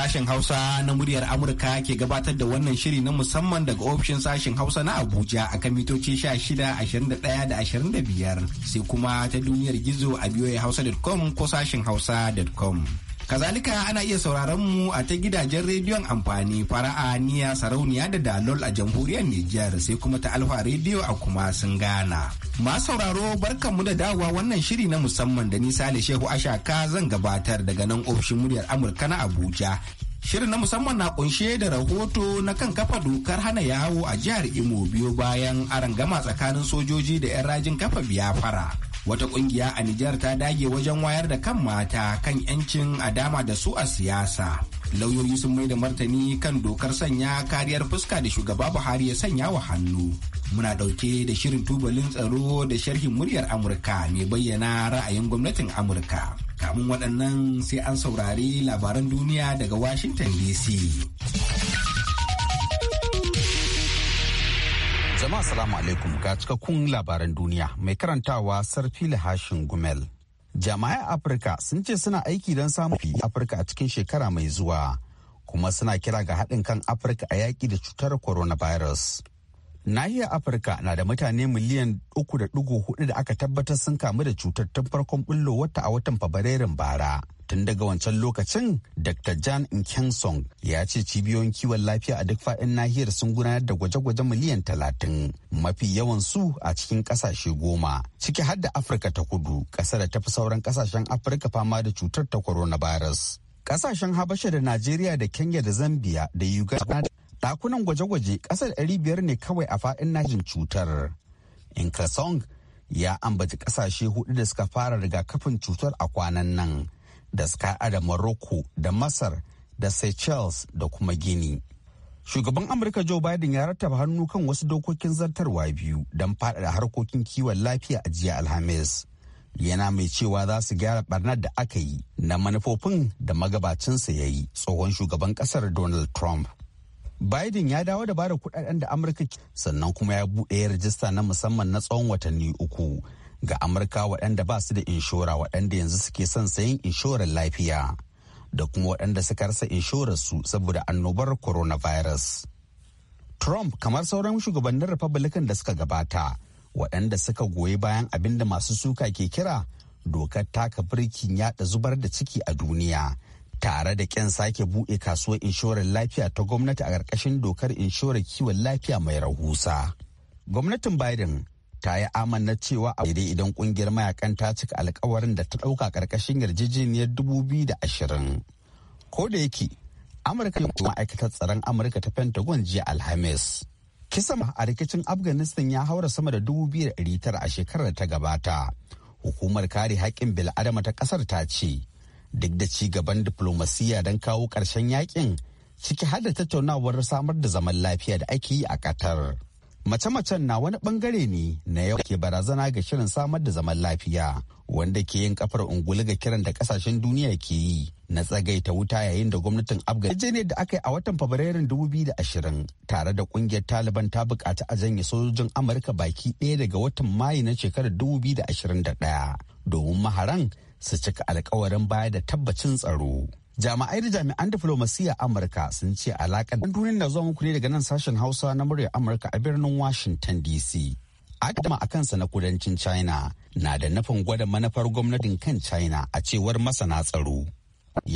Sashen Hausa na muryar Amurka ke gabatar da wannan shiri na musamman daga ofishin sashen Hausa na Abuja a kan mitoci 16, 21 da 25 sai kuma ta duniyar gizo a biyoyi hausa.com ko sashen hausa.com. Kazalika ana iya sauraron mu a ta gidajen rediyon amfani fara'a niya sarauniya da dalol a jamhuriyar Nijar sai kuma ta alfa rediyo a kuma sun gana. Masu sauraro barkanmu da dawowa wannan shiri na musamman da nisa da Shehu Ashaka zan gabatar daga nan ofishin muryar Amurka na Abuja. Shirin na musamman na kunshe da rahoto na kan kafa dokar hana yawo a jihar Imo biyo bayan arangama tsakanin sojoji da 'yan rajin kafa biyafara. wata kungiya a Nijar ta dage wajen wayar da kan mata kan 'yancin a dama da su a siyasa. Lauyoyi sun mai da martani kan dokar sanya kariyar fuska da shugaba Buhari ya sanya wa hannu. Muna ɗauke da shirin tubalin tsaro da sharhin muryar Amurka mai bayyana ra'ayin gwamnatin Amurka. Kamun waɗannan sai an saurari labaran duniya daga Washington DC. Jama'a salamu alaikum ga cikakkun labaran duniya mai karantawa Sarfi Hashin Gumel. Jama'a Afirka sun ce suna aiki don samun fi Afirka a cikin shekara mai zuwa kuma suna kira ga haɗin kan Afirka a yaƙi da cutar coronavirus. Nahiyar Afirka na da mutane miliyan 3.4 da aka tabbatar sun kamu da cutar tun farkon bullo wata a watan Fabrairun bara. Tun daga wancan lokacin, Dr. Jan Nkensong ya ce cibiyoyin kiwon lafiya a duk faɗin nahiyar sun gudanar da gwaje-gwaje miliyan 30 mafi yawan su a cikin kasashe goma, ciki har da Afirka ta kudu, ƙasa da tafi sauran ƙasashen Afirka fama da cutar ta coronavirus. Ƙasashen Habasha da Najeriya da Kenya da Zambia da Uganda dakunan gwaje-gwaje ƙasar ɗari biyar ne kawai a faɗin najin cutar. Inkasong ya ambaci ƙasashe hudu da suka fara rigakafin cutar a kwanan nan da suka da Morocco da Masar da Seychelles da kuma gini Shugaban Amurka Joe Biden ya rattaba hannu kan wasu dokokin zartarwa biyu don faɗaɗa harkokin kiwon lafiya a jiya Alhamis. yana mai cewa za su gyara barnar da aka yi na manufofin da magabacinsa ya yi tsohon shugaban ƙasar donald trump Biden ya dawo da bada kudaden da Amurka sannan kuma ya buɗe rajista na musamman na tsawon watanni uku ga Amurka waɗanda ba su da inshora waɗanda yanzu suke son sayin inshorar lafiya da kuma waɗanda suka rasa inshorar su saboda annobar coronavirus. Trump kamar sauran shugabannin Republican da suka gabata waɗanda suka goyi bayan abin da masu suka ke kira dokar taka birkin yaɗa zubar da ciki a duniya tare da kyan sake buɗe kasuwar inshorar lafiya ta gwamnati a ƙarƙashin dokar inshorar kiwon lafiya mai rahusa. Gwamnatin Biden ta yi amanna cewa a daidai idan ƙungiyar mayakan ta cika alkawarin da ta ɗauka ƙarƙashin yarjejeniyar da ashirin. Ko da yake, Amurka kuma ma'aikatar tsaron Amurka ta Pentagon jiya Alhamis. Kisan a rikicin Afghanistan ya haura sama da tara a shekarar ta gabata. Hukumar kare haƙƙin bil'adama ta ƙasar ta ce, duk da ci gaban diplomasiya don kawo ƙarshen yakin ciki har da tattaunawar samar da zaman lafiya da ake yi a Qatar. Mace-macen na wani bangare ne na yau ke barazana ga shirin samar da zaman lafiya wanda ke yin kafar ungulu ga kiran da kasashen duniya ke yi na tsagaita wuta yayin da gwamnatin Afghanistan da aka yi a watan Fabrairun 2020 tare da kungiyar Taliban ta bukaci a janye sojojin Amurka baki ɗaya daga watan Mayu na shekarar da 2021 domin maharan su cika alkawarin baya da tabbacin tsaro. Jami'ai da jami'an diflomasiyya Amurka sun ce alaƙa da duniyar na zuwa muku ne daga nan sashen Hausa na murya Amurka a birnin Washington DC. Adama a kansa na kudancin China na da nufin gwada manufar gwamnatin kan China a cewar masana tsaro.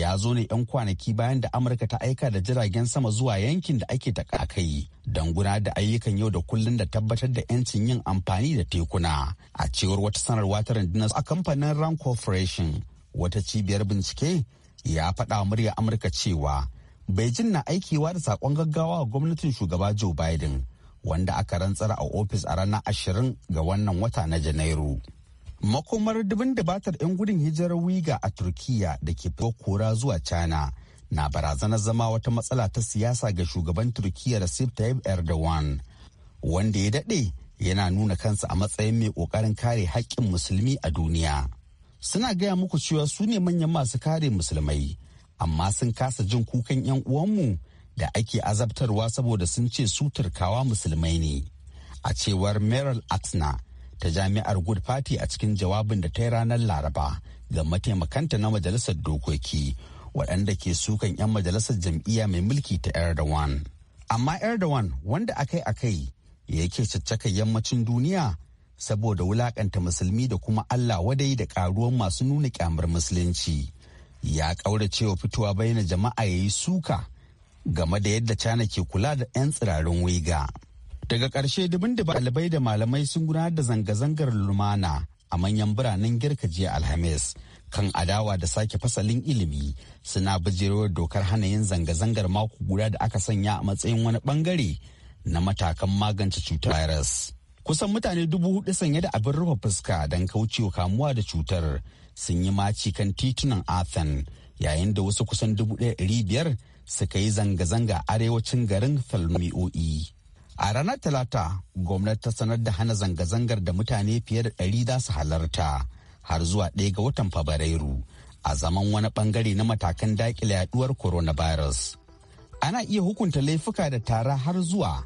ya zo ne 'yan kwanaki bayan da amurka ta aika da jiragen sama zuwa yankin da ake takakai don gudanar da ayyukan yau da kullun da tabbatar da 'yancin yin amfani da tekuna a cewar wata sanarwa ta rundunar a kamfanin ran corporation wata cibiyar bincike ya faɗa murya amurka cewa beijing na aikewa da saƙon gaggawa ga gwamnatin shugaba joe biden wanda aka rantsar a ofis a ranar ashirin ga wannan wata na janairu makomar dubin dubatar 'yan gudun hijirar wiga a turkiya da ke kora zuwa china na barazanar zama wata matsala ta siyasa ga shugaban turkiya da tayyip erdogan wanda ya daɗe yana nuna kansa a matsayin mai ƙoƙarin kare haƙƙin musulmi a duniya suna gaya muku cewa su ne manyan masu kare musulmai amma sun kasa jin kukan 'yan uwanmu da ake azabtarwa saboda sun ce su turkawa musulmai ne a cewar meryl atna ta jami'ar good party a cikin jawabin da ta yi ranar laraba ga mataimakanta na majalisar dokoki waɗanda ke sukan 'yan majalisar jam'iyya mai mulki ta erdogan amma erdogan wanda akai-akai yake caccaka yammacin duniya saboda wulakanta musulmi da kuma allah wadai da karuwan masu nuna kyamar musulunci ya cewa fitowa bayyana jama'a ya yi suka game da yadda China ke kula da 'yan tsirarin wiga. daga ƙarshe dubin da ɗalibai da malamai sun gudanar da zanga-zangar lumana a manyan biranen girka jiya alhamis kan adawa da sake fasalin ilimi suna bijirowar dokar hana yin zanga-zangar mako guda da aka sanya a matsayin wani bangare na matakan magance cutar virus. Kusan mutane dubu hudu sanye da abin rufe fuska don kaucewa kamuwa da cutar sun yi maci kan titunan Athen yayin da wasu kusan dubu ɗaya biyar suka yi zanga-zanga arewacin garin Falmi'o'i. A ranar Talata, gwamnati ta sanar da hana zanga-zangar da mutane fiye da ɗari za su halarta har zuwa ɗaya ga watan Fabrairu a zaman wani ɓangare na matakan daƙile yaɗuwar coronavirus. Ana iya hukunta laifuka da tara har zuwa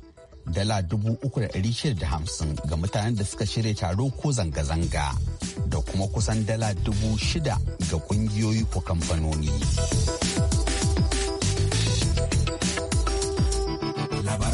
dala dubu uku da ɗari shida da hamsin ga mutanen da suka shirya taro ko zanga-zanga da kuma kusan dala dubu shida ga ƙungiyoyi ko kamfanoni.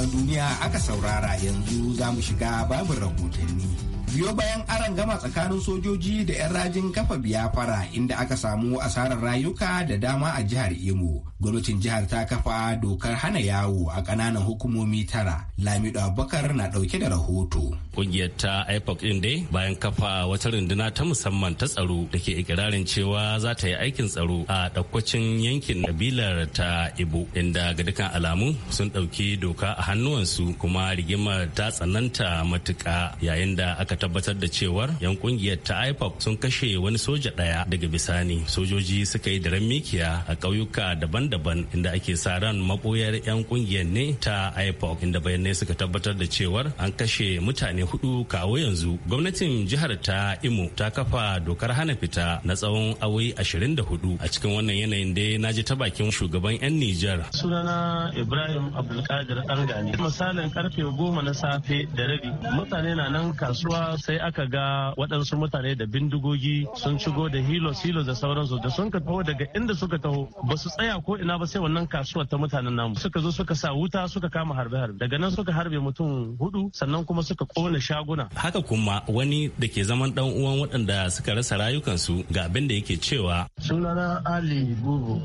duniya aka saurara yanzu za mu shiga babin rahotanni. biyo bayan aron gama tsakanin sojoji da 'yan rajin kafa biyafara inda aka samu asarar rayuka da dama a jihar imo gwamnatin jihar ta kafa dokar hana yawo a kananan hukumomi tara lamido abubakar na dauke da rahoto kungiyar ta ipoc ɗin dai bayan kafa wata runduna ta musamman ta tsaro da ke ikirarin cewa za ta yi aikin tsaro a ɗaukacin yankin kabilar ta ibo inda ga dukkan alamu sun ɗauki doka a hannuwansu kuma rigimar ta tsananta matuka yayin da aka tabbatar da cewar yan kungiyar ta IPOC sun kashe wani soja daya daga bisani. Sojoji suka yi daren mikiya a ƙauyuka daban-daban inda ake sa ran maboyar yan kungiyar ne ta IPOC inda bayanai suka tabbatar da cewar an kashe mutane hudu kawo yanzu. Gwamnatin jihar ta Imo ta kafa dokar hana fita na tsawon ashirin da hudu a cikin wannan yanayin dai na ji ta bakin shugaban 'yan Nijar. Sunana Ibrahim Abdulkadir Angani. Misalin karfe goma na safe da rabi mutane na nan kasuwa sai aka ga waɗansu mutane da bindigogi sun shigo da hilos hilos da sauransu da sun ka taho daga inda suka taho ba su tsaya ko ina ba sai wannan kasuwar ta mutanen namu suka zo suka sa wuta suka kama harbe harbe daga nan suka harbe mutum hudu sannan kuma suka kona shaguna haka kuma wani da ke zaman dan uwan waɗanda suka rasa rayukansu ga abin da yake cewa sunana ali gugu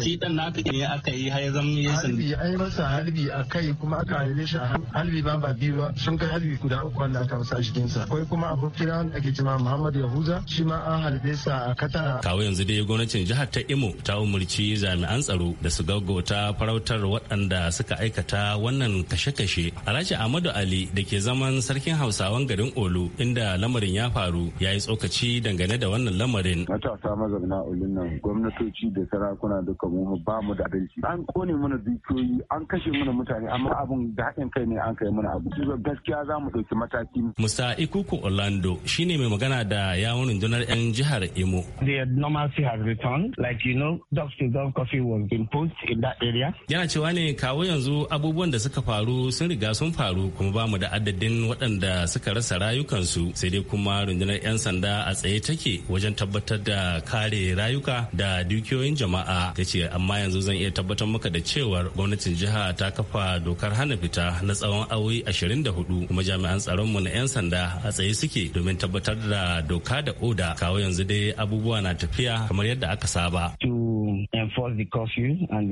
shi dan naka ne aka yi har zama ya sandi ai masa harbi akai kuma aka harbe shi harbi ba ba biyu sun kai harbi guda uku wanda aka masa shi sa akwai kuma abokina wanda ake cewa Muhammad Yahuza shi ma an halbe sa a Katara kawo yanzu dai gwamnatin jihar ta Imo ta umurci jami'an tsaro da su gaggauta farautar waɗanda suka aikata wannan kashe-kashe Alhaji Ahmadu Ali da ke zaman sarkin Hausawan garin Olu inda lamarin ya faru ya yi tsokaci dangane da wannan lamarin matasa mazauna olin nan gwamnatoci da sarakuna duka mu ba mu da abinci. an kone mana dukiyoyi an kashe mana mutane amma abin da haɗin kai ne an kai mana abu gaskiya za mu ɗauki mataki Musa Ikuku Orlando shine mai magana da yawon rundunar 'yan jihar Imo. has returned. Yana cewa ne kawo yanzu abubuwan da suka faru sun riga sun faru kuma bamu da adadin waɗanda suka rasa rayukansu sai dai kuma rundunar 'yan sanda a tsaye take wajen tabbatar da kare rayuka da dukiyoyin jama'a ta ce amma yanzu zan iya tabbatar maka da cewar gwamnatin jiha ta kafa dokar hana fita na tsawon da 24 kuma jami'an tsaronmu na 'yan sanda a tsaye suke domin tabbatar da doka da oda kawo yanzu dai abubuwa na tafiya kamar yadda aka saba. enforce the curfew and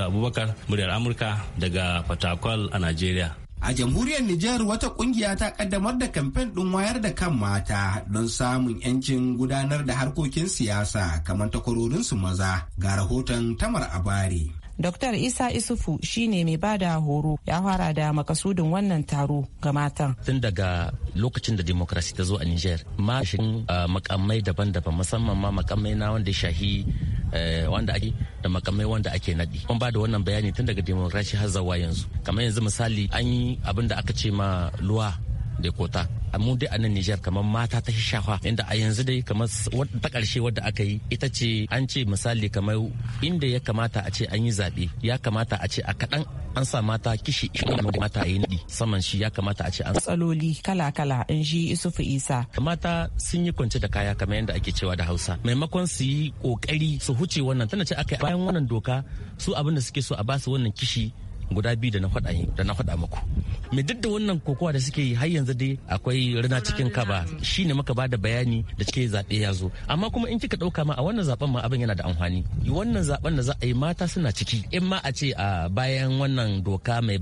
Abubakar, muryar Amurka daga Fatakwal a Najeriya. A jamhuriyar Nijar wata kungiya ta kaddamar da kamfen ɗin wayar da kan mata don samun 'yancin gudanar da harkokin siyasa kamar takwarorinsu maza ga rahoton Tamar Abari. Dr. Isa Isufu shi ne mai bada horo ya fara da makasudin wannan taro ga matan. Tun daga lokacin da demokrasi ta zo a Niger, ma makamai daban-daban musamman ma makamai na wanda shahi eh, wanda ake da makamai wanda ake naɗi. Kun ba da wannan bayani tun daga demokrasi har zawa yanzu. Kamar yanzu misali an yi abin da aka ce ma luwa da kota mu dai a nan Nijar kamar mata ta shafa inda a yanzu dai kamar ta karshe wadda aka yi ita ce an ce misali kamar inda ya kamata a ce an yi zaɓe ya kamata a ce a kaɗan an sa mata kishi mata yi naɗi saman shi ya kamata a ce an tsaloli kala-kala in ji isufu isa mata sun yi kwance da kaya kamar yadda ake cewa da hausa maimakon su yi kokari su huce wannan tana ce aka bayan wannan doka su abin da suke so a basu wannan kishi guda biyu da na faɗa da na faɗa muku me duk da wannan kokowa da suke yi har yanzu dai akwai rina cikin kaba shine muka bada bayani da cike zaɓe ya zo amma kuma in kika ɗauka ma a wannan zaben ma abin yana da amfani wannan zaben da za a yi mata suna ciki in ma a ce a bayan wannan doka mai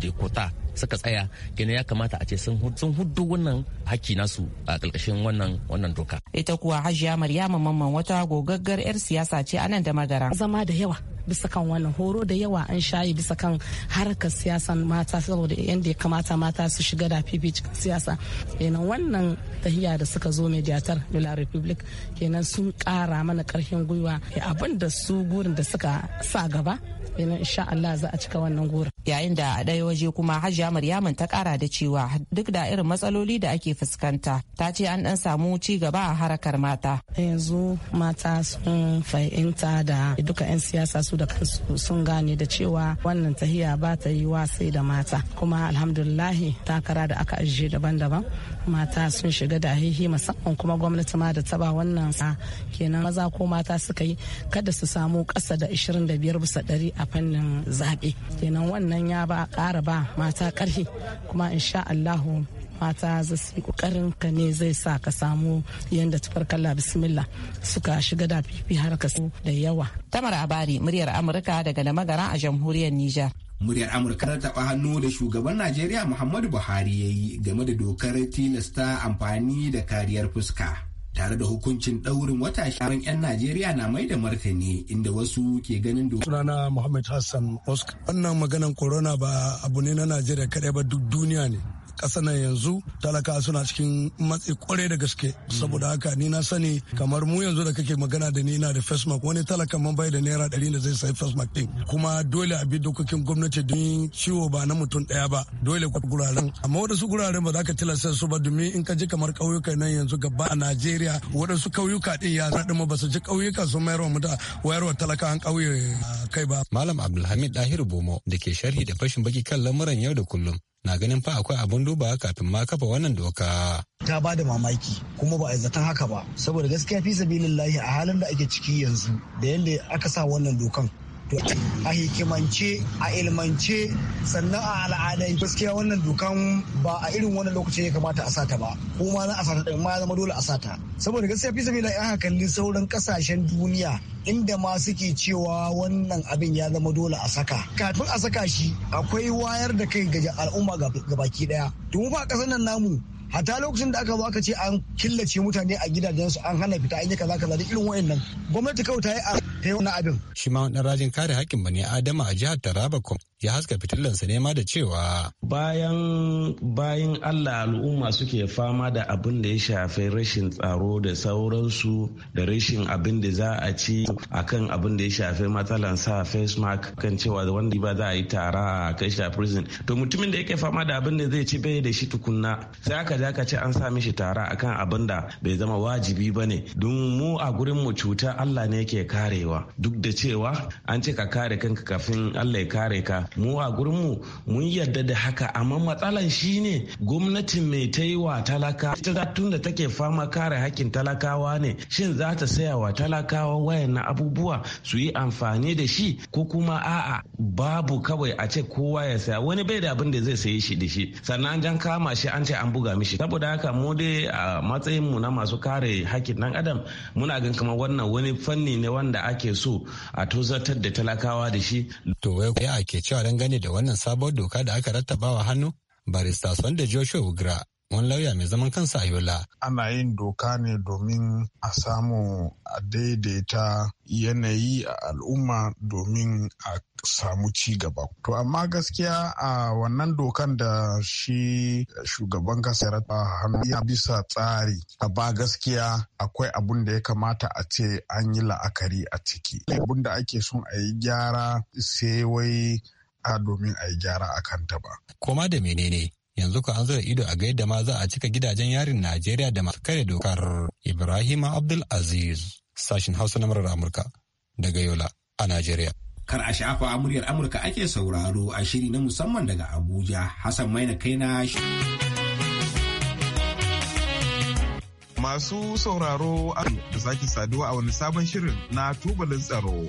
dekota suka tsaya gina ya kamata a ce sun hudu wannan haki nasu a ƙarƙashin wannan wannan doka. Ita kuwa Hajiya Maryama Mamman wata gogaggar 'yar siyasa ce a nan da magara. Zama da yawa bisa kan wannan horo da yawa an shayi bisa kan harkar siyasan mata saboda yadda ya kamata mata su shiga da cikin siyasa kenan wannan tahiya da suka zo mediatar la republic kenan sun kara mana karfin gwiwa abin da su gurin da suka sa gaba kenan insha Allah za a cika wannan gurin yayin da a ɗaya waje kuma hajiya maryaman ta ƙara da cewa duk da irin matsaloli da ake fuskanta ta ce an ɗan samu ci gaba a harakar mata yanzu mata sun fahimta da duka 'yan siyasa su da kansu sun gane da cewa wannan tahiya ba ta yi wa sai da mata kuma alhamdulillahi takara da aka ajiye daban-daban mata sun shiga da hihi musamman kuma gwamnati ma da taba wannan sa kenan maza ko mata suka yi kada su samu ƙasa da 25 bisa ɗari a fannin zaɓe kenan wannan nan ya ba ƙara ba mata ƙarfi kuma insha Allahu mata za su yi ƙoƙarin ka ne zai sa ka samu yadda tafarkalla bismillah suka shiga da fifi har ka da yawa. Tamar Abari muryar Amurka daga da magara a jamhuriyar Nijar. muryar amurka ta taɓa hannu da shugaban najeriya muhammadu buhari ya yi game da dokar tilasta amfani da kariyar fuska tare da hukuncin ɗaurin wata sharan 'yan Najeriya na mai da martani inda wasu ke ganin da sunana Muhammad Hassan Oscar. Wannan maganan corona ba abu ne na Najeriya kaɗai ba duk duniya ne. kasa nan yanzu talaka suna cikin matsi kwarai da gaske saboda haka ni na sani kamar mu yanzu da kake magana da ni na da face mask wani talaka man bai da naira ɗari da zai sayi face mask din kuma dole a bi dokokin gwamnati don ciwo ba na mutum ɗaya ba dole ku guraren amma waɗansu guraren ba za ka tilasta su ba domin in ka ji kamar ƙauyuka nan yanzu gaba a Najeriya waɗansu ƙauyuka din ya zaɗi ma ba su ji ƙauyuka sun mayar wa mutum wa talaka an ƙauye kai ba. Malam Abdulhamid Dahiru Bomo da ke sharhi da fashin baki kan lamuran yau da kullum na ganin fa akwai abin duba kafin ma kafa wannan doka. Ta ba da mamaki kuma ba a zaton haka ba saboda gaskiya fi lahi a halin da ake ciki yanzu da yadda aka sa wannan dokan a hikimance a ilmance sannan a al'adai gaskiya wannan dukan ba a irin wannan lokacin ya kamata a sata ba ko ma na a sata ma zama dole a sata saboda gaskiya fi sabila ya kalli sauran kasashen duniya inda ma suke cewa wannan abin ya zama dole a saka kafin a saka shi akwai wayar da kai ga al'umma ga baki daya domin ba kasar nan namu hata lokacin da aka zo aka ce an killace mutane a gidajensu an hana fita an yi kaza kaza da irin wayannan gwamnati kawai ta yi a sai wani abin. Shi ma wani rajin kare haƙƙin bani Adama a jihar Taraba ya haska fitilansa ma da cewa bayan bayan allah al'umma suke fama da abin da ya shafi rashin tsaro da sauransu da rashin abin da za a ci akan abin da ya shafi matsalan sa face mark kan cewa wanda ba za a yi tara a kai shi a prison to mutumin da yake fama da abin da zai ci bai da shi tukunna sai aka je ka ce an sa mishi tara akan abin da bai zama wajibi ba ne don mu a gurin mu cuta allah ne yake karewa duk da cewa an ce ka kare kanka kafin allah ya kare ka mu a gurinmu mun yarda da haka amma matsalan shine ne gwamnatin mai ta yi wa talaka ita tun da take fama kare hakkin talakawa ne shin za ta saya wa talakawa wayan na abubuwa su yi amfani da shi ko kuma a'a babu kawai a ce kowa ya saya wani bai da abin da zai sayi shi da shi sannan jan kama shi an ce an buga mishi saboda haka mu dai a matsayin mu na masu kare hakkin dan adam muna gan kamar wannan wani fanni ne wanda ake so a tozartar da talakawa da shi to wai ake cewa wuraren gani da wannan sabon doka da aka rattabawa hannu barista da Joshua Ugra wani lauya mai zaman kansa a Yola. Ana yin doka ne domin a samu a daidaita yanayi a al'umma domin a samu ci gaba. To amma gaskiya a wannan dokan da shi shugaban kasa ya rata hannu ya bisa tsari a ba gaskiya akwai abun da ya kamata a ce an yi la'akari a ciki. Abun da ake son a yi gyara sai wai a domin a yi gyara a kanta ba. Koma da menene yanzu ka an zura ido a gaida ma za a cika gidajen yarin Najeriya da masu kare dokar Ibrahim Abdul Aziz sashin Hausa na murar Amurka daga Yola a Najeriya. Kar a sha'afa muryar Amurka ake sauraro a shiri na musamman daga Abuja Hassan Maina Kaina. Masu sauraro da sake saduwa a wani sabon shirin na tubalin tsaro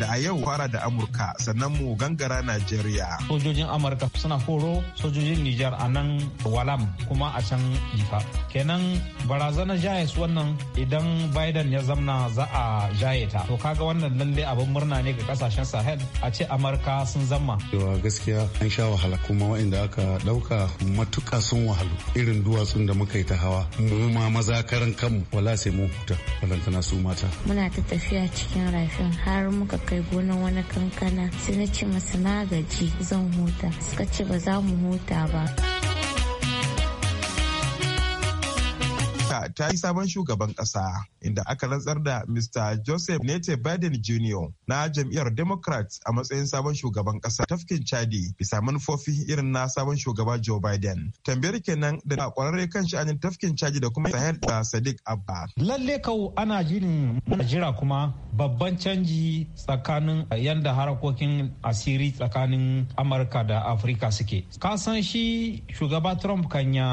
da a yau fara da Amurka sannan mu gangara Najeriya. Sojojin Amurka suna horo sojojin Nijar a nan Walam kuma a can Ifa. Kenan barazanar jayes wannan idan Biden ya zamna za a jaye ta. To kaga wannan lalle abin murna ne ga kasashen Sahel a ce Amurka sun zama. Yawa gaskiya an sha wahala kuma wa'inda aka ɗauka matuka sun wahalu irin duwatsun da muka yi ta hawa mu ma maza karan kanmu wala sai mu huta balantana su mata. Muna ta tafiya cikin rafin har muka kai gonan wani kankana sai na ce masa na gaji zan huta suka ce ba za mu huta ba ta yi sabon shugaban ƙasa inda aka rantsar da Mr. Joseph Nete Biden Jr. na jam'iyyar Democrats a matsayin sabon shugaban kasa tafkin Chadi bisa manufofi irin na sabon shugaba Joe Biden. Tambayar kenan da kwararre kan sha'anin tafkin Chadi da kuma Sahel da Sadiq Abba. Lalle kau ana jinin jira kuma babban canji tsakanin eh, yadda harakokin asiri tsakanin amurka da afirka suke kasan shi shugaba trump kan ya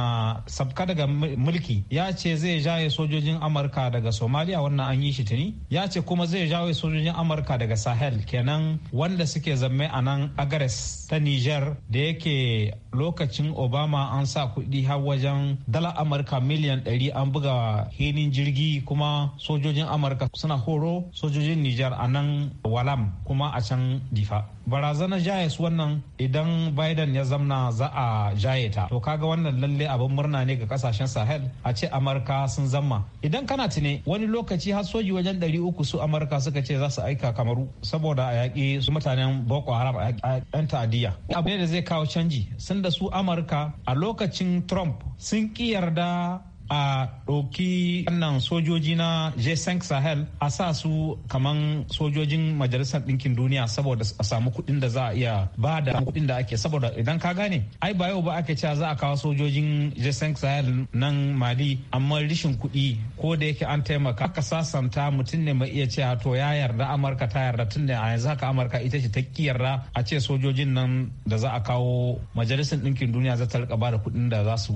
sabka daga mulki ya ce zai jaye sojojin amurka daga somalia wannan an yi shi tuni ya ce kuma zai jaye sojojin amurka daga sahel kenan wanda suke zamme a nan agares ta niger da yake lokacin obama an sa kuɗi har wajen dala amurka miliyan 100 an buga hinin jirgi kuma sojojin amurka suna horo sojojin sojojin Nijar a nan Walam kuma a can Difa. Barazanar jayes wannan idan Biden ya zamna za a jaye ta. To kaga wannan lalle abin murna ne ga kasashen Sahel a ce Amurka sun zama Idan kana tune wani lokaci har soji wajen ɗari uku su Amurka suka ce za su aika Kamaru saboda a yaƙi su mutanen Boko Haram a ɗan ta'adiyya. Abu ne da zai kawo canji sun da su Amurka a lokacin Trump sun ƙi yarda a ɗauki wannan sojoji na J5 Sahel a sa su kaman sojojin Majalisar Ɗinkin Duniya saboda a samu kuɗin da za a iya ba da kuɗin da ake saboda idan ka gane ai ba yau ba ake cewa za a kawo sojojin J5 Sahel nan Mali amma rishin kuɗi ko da yake an taimaka aka sasanta mutum ne mai iya cewa to ya yarda Amurka ta yarda tun da a yanzu haka Amurka ita ce ta yarda a ce sojojin nan da za a kawo Majalisar Ɗinkin Duniya za ta rika ba da kuɗin da za su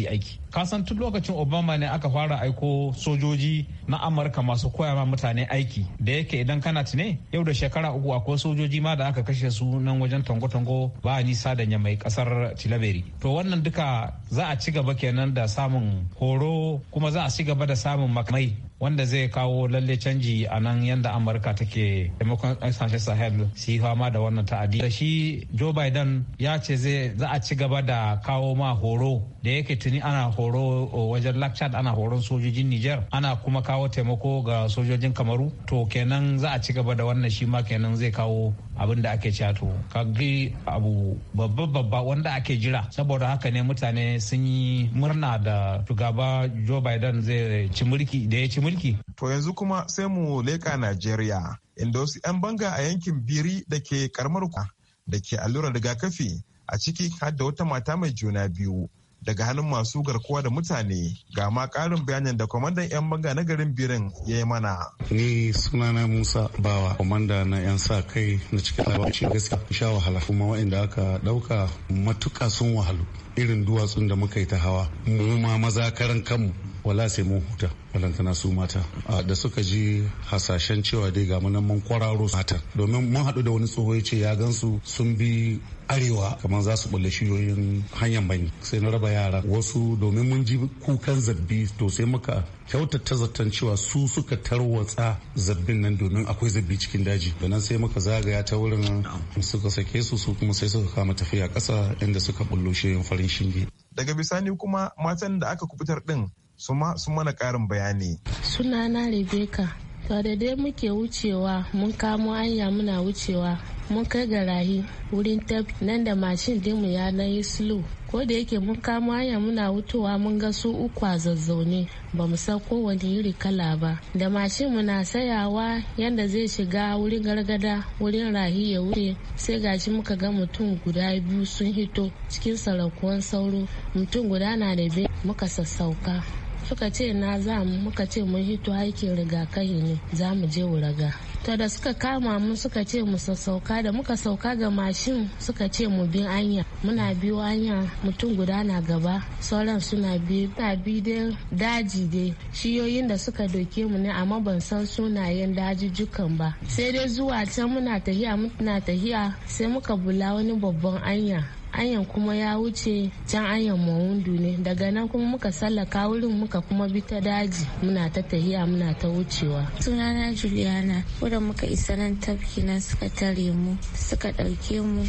yi aiki. Ka san tun lokacin lokacin obama ne aka fara aiko sojoji na amurka masu koya ma mutane aiki da yake idan kana tune yau da shekara uku akwai sojoji ma da aka kashe su nan wajen tango-tango ba nisa da mai kasar tilaberi to wannan duka za a ci gaba kenan da samun horo kuma za a ci gaba da samun makamai wanda zai kawo lalle canji a nan yadda amurka take taimakon kasashen sahel su fama da wannan ta'adi da shi joe biden ya ce za a ci gaba da kawo ma horo da yake tuni ana horo oh, wajen lakchad ana horon sojojin niger ana kuma kawo taimako ga sojojin kamaru to kenan za a ci gaba da wannan shi ma kenan zai kawo abin da ake cato kagi abu babba babba wanda ake jira saboda haka ne mutane sun yi murna da shugaba joe biden zai ci mulki da ya ci mulki to yanzu kuma sai mu leka najeriya inda wasu 'yan banga a yankin biri da ke karmar da ke allurar rigakafi a ciki har da wata mata mai juna biyu daga hannun masu garkuwa da mutane ga ma karin bayanin da kwamandan 'yan banga na garin birin ya yi mana. Ni sunana Musa Bawa, kwamanda na 'yan sa kai na cikin labarci gaskiya sha wahala kuma waɗanda aka ɗauka matuka sun wahalu. irin duwatsun da muka yi ta hawa mu ma maza karan kanmu wala sai mun huta balantana su mata da suka ji hasashen cewa dai ga munan mun kwararo mata domin mun haɗu da wani tsoho ya ce ya gansu sun bi arewa kamar za su bulle shiyoyin hanyar banki sai na raba yara wasu domin mun ji kukan zabbi to sai muka kyautata zaton cewa su suka tarwatsa zabbin nan domin akwai zabbi cikin daji da nan sai muka zagaya ta wurin suka sake su su kuma sai suka kama tafiya kasa inda suka bullo shirin farin shinge daga bisani kuma matan da aka kubutar din su mana ƙarin bayani sunana rebeka to da dai muke wucewa mun kamo anya muna wucewa mun kai ga rahi wurin tafi nan da mashin dinmu ya na yi slow ko da yake mun kama hanya muna wutowa mun ga su uku a zazzaune ba mu san kowane iri kala ba da mashin mu na sayawa yadda zai shiga wurin gargada wurin rahi ya wuce sai gashi muka ga mutum guda biyu sun hito cikin sarakuwan sauro mutum guda na da be muka sassauka suka ce na za mu muka ce mun hito aikin rigakafi ne za mu je wuraga to da suka kama mu suka ce mu sassauka da muka sauka ga mashin suka ce mu bin anya muna biyo anya mutum guda na gaba sauran suna bi na bi dai daji dai shiyoyin da suka doke mu ne amma ban san sunayen dajijjukan ba sai dai zuwa can muna tahiya muna tahiya sai muka bula wani babban anya anyan kuma ya wuce can anyan mawundu ne daga nan kuma muka sallaka wurin muka kuma bi ta daji muna ta tahiya muna ta wucewa sunana juliana wadda muka isa nan tafki nan suka tare mu suka ɗauke mu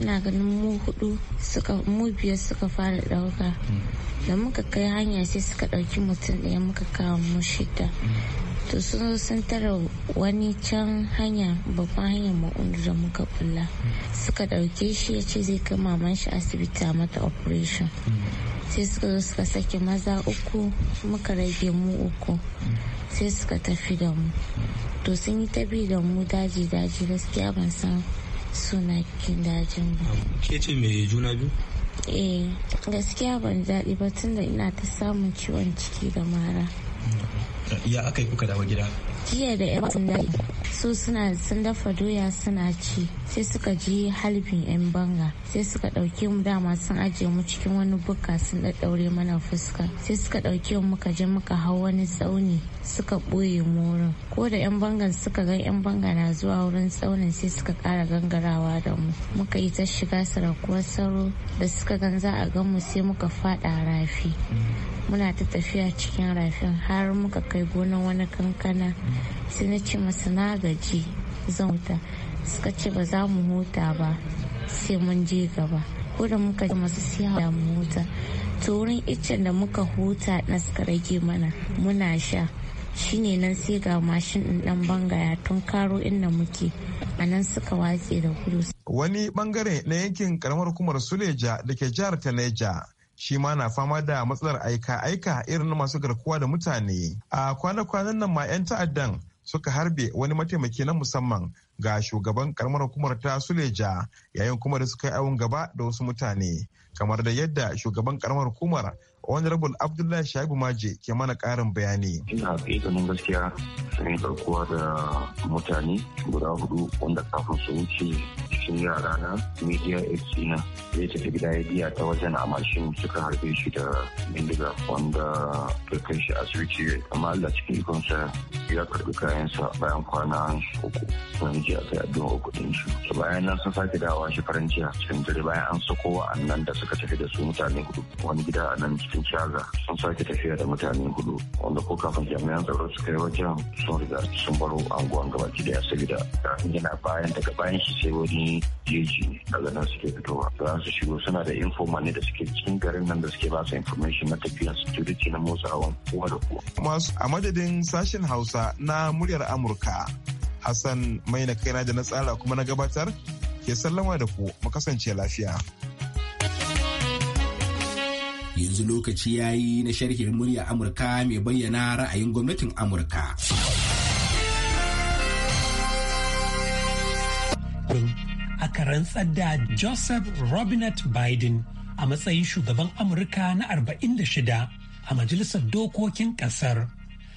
ina ganin mu hudu suka mu biyar suka fara ɗauka mm. da muka kai hanya sai suka ɗauki mutum ɗaya muka kawo mu shida mm. to sun zo tara wani can hanya babban hanyar ma'undu da muka kula suka ɗauke shi ya ce zai kai maman shi asibiti a mata operation sai suka zo suka sake maza uku muka rage mu uku sai suka tafi da mu to sun yi tafi da mu daji daji gaskiya ban san suna kin dajin ba ke ce mai juna biyu eh gaskiya ban daɗi ba tunda ina ta samun ciwon ciki da mara ya aka yi kuka dawo gida jiya da yan su suna sun dafa doya suna ci sai suka ji halifin yan banga sai suka ɗauke mu dama sun ajiye mu cikin wani buka sun ɗaɗɗaure mana fuska sai suka ɗauke mu muka je muka hau wani tsauni suka ɓoye mu wurin ko da yan bangan suka ga yan banga na zuwa wurin tsaunin sai suka ƙara gangarawa da mu muka yi ta shiga sarakuwar sauro da suka gan za a gan mu sai muka faɗa rafi muna ta tafiya cikin rafin har muka kai gonan wani kankana sai ce masu na gaji zan huta suka ce ba za mu huta ba sai mun je gaba ko da muka ji masu siya mu huta to wurin iccen da muka huta na suka rage mana muna sha shine nan sai ga mashin ɗin ɗan bangaya tun karo inda muke a nan suka watse da gudu. wani bangare na yankin karamar hukumar suleja da ke jihar neja. shi ma na fama da matsalar aika-aika irin masu garkuwa da mutane. A kwana-kwanan nan ma 'yan ta'addan suka harbe wani mataimaki na musamman ga shugaban karamar hukumar ta Suleja yayin kuma da suka yi awon gaba da wasu mutane. Kamar da yadda shugaban karamar hukumar Honorable Abdullahi Shaibu Maje ke mana karin bayani. Ina hakikanin gaskiya sun garkuwa da mutane guda hudu wanda kafin su wuce mashin yara na media aids na ya tafi gida ya biya ta wajen a mashin suka harbe shi da bindiga wanda ta kai shi asibiti amma Allah cikin ikonsa ya karbi kayansa bayan kwana uku wani jiya sai addu'a uku din shi bayan nan sun sake dawa shi faran jiya cikin dare bayan an sako wa'annan da suka tafi da su mutane hudu wani gida a nan cikin shaga sun sake tafiya da mutane hudu wanda ko kafin jami'an tsaro su kai wajen sun riga sun baro anguwan gabaki daya sabida yana bayan daga bayan shi sai wani jeji daga nan suke fitowa za su shigo suna da informa da suke cikin garin nan da suke ba su information na tafiya security na motsawan kowa da kowa. masu a madadin sashen hausa na muryar amurka hassan mai na kaina da na tsara kuma na gabatar ke sallama da ku mu kasance lafiya. yanzu lokaci ya yi na sharhin murya amurka mai bayyana ra'ayin gwamnatin amurka. aka rantsar da Joseph robinet Biden a matsayin shugaban Amurka na 46 a Majalisar Dokokin Ƙasar.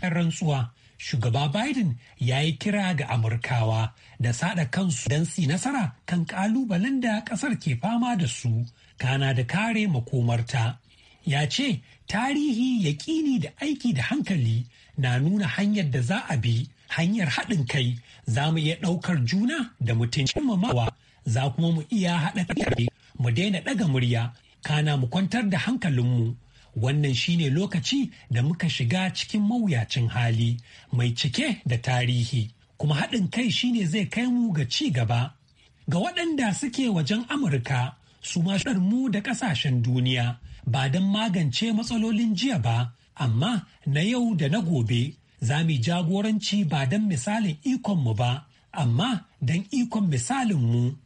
rantsuwa, shugaba Biden ya yi kira ga Amurkawa da sada kansu don su nasara kan kalubalen da ƙasar ke fama da su, kana da kare makomarta. Ya ce, tarihi yaƙini da aiki da hankali na nuna hanyar da za a bi hanyar haɗin kai za mu iya ɗaukar juna da mutum cimma za kuma mu iya haɗa mu daina ɗaga murya kana mu kwantar da hankalinmu wannan shine lokaci da muka shiga cikin mawuyacin hali mai cike da tarihi kuma haɗin kai shine zai kai mu ga ci gaba ga waɗanda suke wajen amurka su ma mu da ƙasashen duniya ba don magance matsalolin jiya ba amma na yau da na gobe za mu jagoranci ba don misalin ikonmu ba amma don ikon misalinmu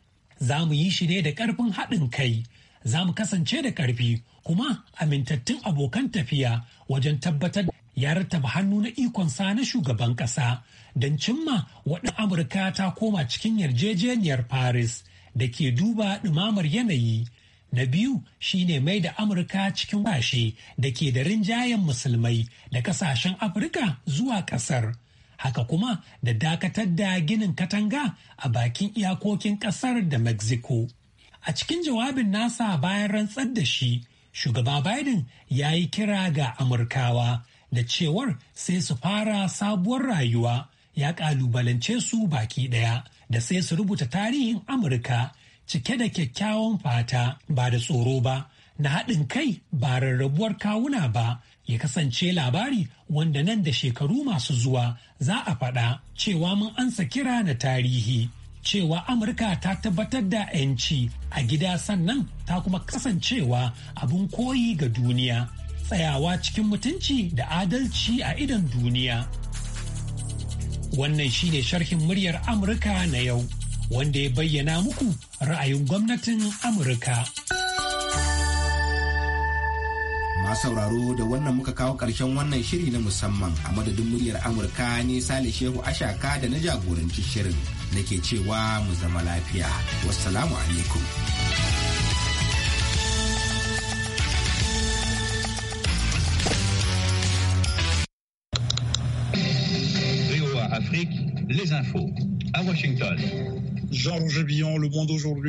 za mu yi shi ne da ƙarfin haɗin kai za mu kasance da ƙarfi kuma amintattun abokan tafiya wajen tabbatar ya rattaba hannu na ikon sa na shugaban ƙasa don cimma waɗin amurka ta koma cikin yarjejeniyar paris da ke duba ɗumamar yanayi na biyu shine mai da amurka cikin washe da ke da rinjayen musulmai da ƙasashen afirka zuwa ƙasar haka kuma da dakatar da ginin katanga a bakin iyakokin kasar da mexico a cikin jawabin nasa bayan rantsar da shi shugaba biden ya yi kira ga amurkawa da cewar sai su fara sabuwar rayuwa ya ƙalubalance su baki daya da sai su rubuta tarihin amurka cike da kyakkyawan fata ba da tsoro ba na haɗin kai ba rarrabuwar kawuna ba ya kasance labari wanda nan da shekaru masu zuwa za a faɗa cewa mun ansa kira na tarihi cewa amurka ta tabbatar da 'yanci a gida sannan ta kuma kasancewa abin koyi ga duniya tsayawa cikin mutunci da adalci a idon duniya wannan shine sharhin muryar amurka na yau wanda ya bayyana muku ra'ayin gwamnatin amurka. sauraro da wannan muka kawo ƙarshen wannan shiri na musamman a madadin muryar amurka ne sale shehu ashaka da na jagoranci shirin nake cewa mu zama lafiya wassalamu alaikum les infos à Washington. Georges Billon, Le Monde aujourd'hui.